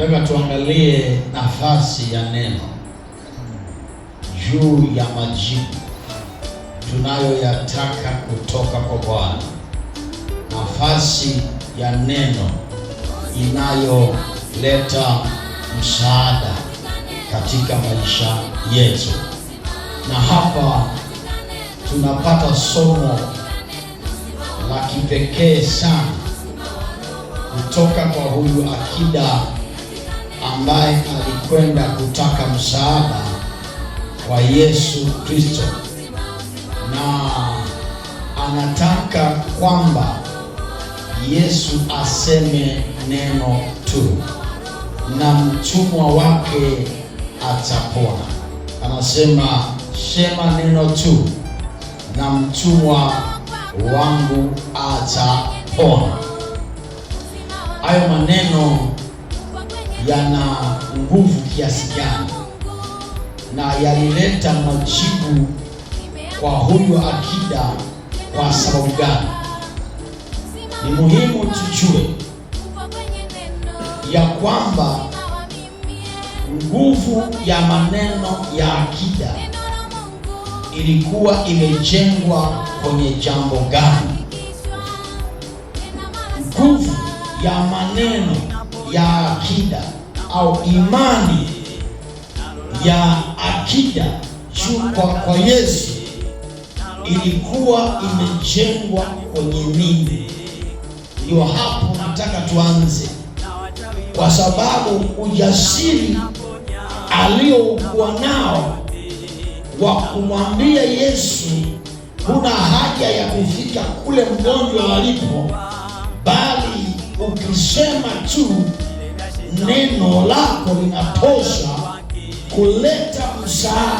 Nataka tuangalie nafasi ya neno juu ya majibu tunayoyataka kutoka kwa Bwana, nafasi ya neno inayoleta msaada katika maisha yetu, na hapa tunapata somo la kipekee sana kutoka kwa huyu akida ambaye alikwenda kutaka msaada kwa Yesu Kristo, na anataka kwamba Yesu aseme neno tu na mtumwa wake atapona. Anasema, sema neno tu na mtumwa wangu atapona. Hayo maneno yana nguvu kiasi gani na yalileta majibu kwa huyu akida kwa sababu gani. Ni muhimu tujue ya kwamba nguvu ya maneno ya akida ilikuwa imejengwa kwenye jambo gani? Nguvu ya maneno ya akida au imani ya akida kwa, kwa Yesu ilikuwa imejengwa kwenye nini? Ndio hapo nataka tuanze, kwa sababu ujasiri aliyokuwa nao wa kumwambia Yesu kuna haja ya kufika kule mgonjwa alipo, bali ukisema tu neno lako linatosha kuleta msaada.